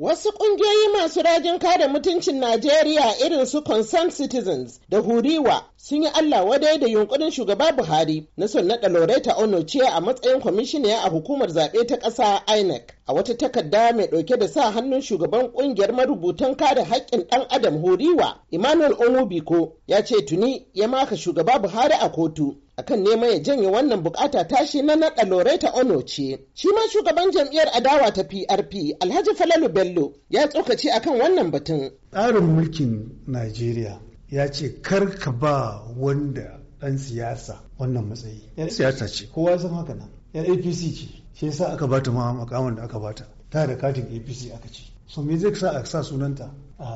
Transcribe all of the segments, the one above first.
Wasu ƙungiyoyi masu rajin kare mutuncin Najeriya irin su Concerned Citizens da Huriwa sun yi Allah wadai da yunkurin shugaba Buhari na son naɗa Loretta Onochie a matsayin kwamishiniya a hukumar zaɓe ta ƙasa INEC. A wata takarda mai ɗauke da sa hannun shugaban ƙungiyar marubutan kare haƙƙin ɗan Adam Huriwa, Emmanuel Onubiko, ya ce tuni ya maka shugaba Buhari a kotu akan neman ya janye wannan bukata tashi na naɗa Loreta Ono ce. Shi ma shugaban jam'iyyar adawa ta PRP Alhaji Falalu Bello ya tsokaci akan wannan batun. Tsarin mulkin Najeriya ya ce kar ka ba wanda dan siyasa wannan matsayi. Yan siyasa ce, kowa san haka nan. Yan APC ce, shi yasa aka bata ma makaman da aka bata. Ta da katin APC aka ce. So me zai sa a sa sunanta a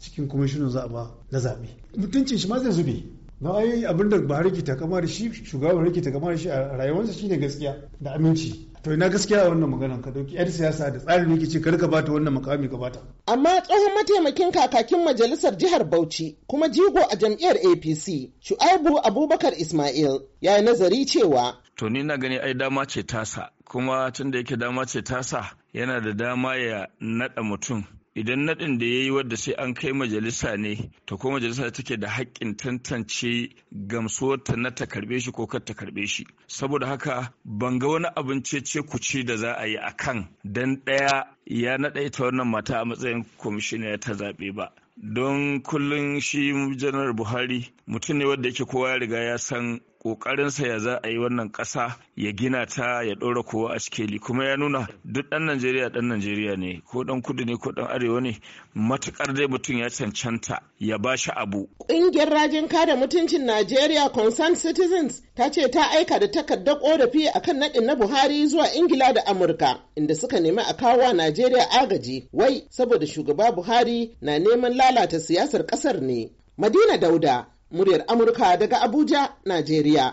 cikin kwamishinan zaɓa na zaɓe. Mutuncin shi ma zai zube. na ai abin da ba ke takama da shi shugaban rikita takama da shi a rayuwarsa shine gaskiya da aminci to ina gaskiya a wannan maganar ka dauki yar siyasa da tsarin yake ce kar ka bata wannan makami ka bata amma tsohon mataimakin kakakin majalisar jihar Bauchi kuma jigo a jam'iyyar APC Shu'aibu Abubakar Ismail ya yi nazari cewa to ni na gani ai dama ce tasa kuma tunda yake dama ce tasa yana da dama ya nada mutum idan naɗin da ya yi wadda sai an kai majalisa ne ta ko majalisa take da haƙƙin tantance gamsuwar ta na ta karɓe shi ko kar ta karɓe shi saboda haka ban ga wani abin cece kuce da za a yi akan dan ɗaya ya naɗa ita wannan mata a matsayin kwamishina ta zaɓe ba don kullum shi janar buhari mutum ne wanda yake kowa ya riga ya san ƙoƙarinsa ya za a yi wannan ƙasa ya gina ta ya ɗora kowa a cikeli kuma ya nuna duk ɗan najeriya ɗan najeriya ne ko ɗan kudu ne ko ɗan arewa ne matuƙar dai mutum ya cancanta ya ba shi abu. ƙungiyar rajin kada mutuncin najeriya concerned citizens ta ce ta aika da takardar ƙorafi kan naɗin na buhari zuwa ingila da amurka inda suka nemi a kawo najeriya agaji wai saboda shugaba buhari na neman lalata siyasar ƙasar ne. Madina Dauda, muryar Amurka daga Abuja, Najeriya.